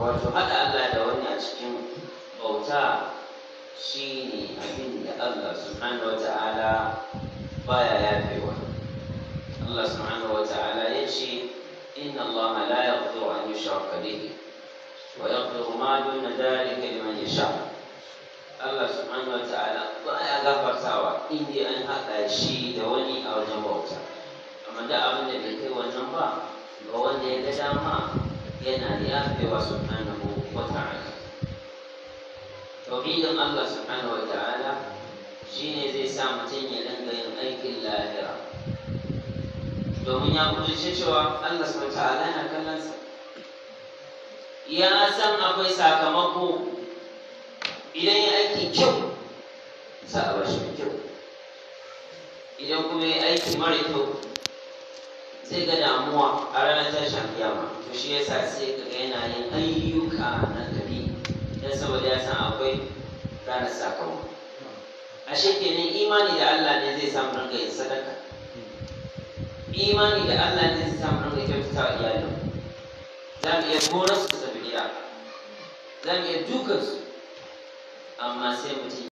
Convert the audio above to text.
wato haɗa Allah da wani a cikin bauta shi ne abin da Allah subhanahu wa ta'ala baya yafewa Allah subhanahu wa ta'ala ya ce inna Allah la yaghfiru an yushraka bihi wa yaghfiru ma duna dhalika liman yasha Allah subhanahu wa ta'ala ya gafartawa inda an haɗa shi da wani a wajen bauta amma da abin da bai kai wannan ba ga wanda ya ga dama yana da yafewa subhanahu wa ta'ala tauhidin Allah subhanahu wa ta'ala shine zai sa mutum ya dinga yin aikin lahira domin ya kuduce cewa Allah subhanahu wa ta'ala yana kallon sa ya san akwai sakamako idan ya aiki kyau za a bashi kyau idan kuma ya aiki mara kyau zai ga damuwa a ranar tashin to shi yasa sai ka ga yana yin ayyuka na gari dan saboda ya san akwai ranar sakamako ashe kenan imani da Allah ne zai samu ranga yin sadaka imani da Allah ne zai samu ranka kyautata wa iyalin za mu iya horar su sabiya za mu iya dukansu amma sai mutum